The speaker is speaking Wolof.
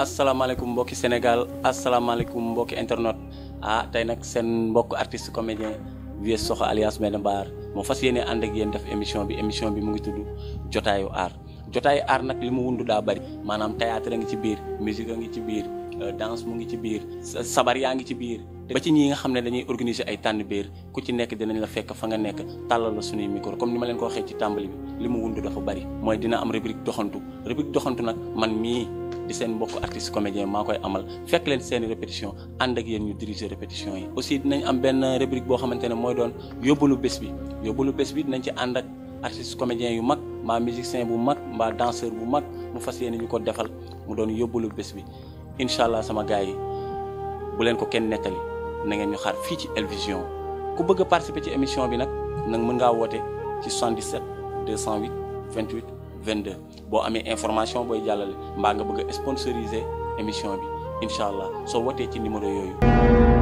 Assalamualaikum mbokki Senegal, Assalamualaikum mbokki internet ah tay sen sen mbokk artiste comédien Vieux soxo alias Meda Mbaar anda fas emision ak yene def émission bi émission bi mo ngi tuddu jotayu art jotaayu art nak limu wundu da bari manam théâtre a ngi ci biir musique a ngi ci biir euh, danse mo ngi ci biir sabar ya ngi ci biir ba ci ñi nga xamne dañuy organiser ay biir ku ci nekk dinañ la fekk fa nga nekk talal la suñu micro comme ni leen ko ci tambali bi limu wundu dafa bari moy dina am rubrique doxantu rubrique doxantu nak man mi di seen mbokk artiste comédien maa koy amal fekk leen seen répétition ànd ak yéen ñu diriger répétition yi aussi dinañ am benn rubrique boo xamante ne mooy doon yóbbalu bés bi yóbbalu bés bi dinañ ci ànd ak artiste comédien yu mag mbaa musicien bu mag mbaa danseur bu mag mu fas yéene ñu ko defal mu doon yóbbalu bés bi incha allah sama gars yi bu leen ko kenn nettali na ngeen ñu xaar fii ci Elvision ku bëgg a participer ci émission bi nag nag mën ngaa woote ci 77 208 28 22 boo amee information booy jàllale mbaa nga bëgg a sponsoriser émission bi incha allah soo wootee ci numéro yooyu.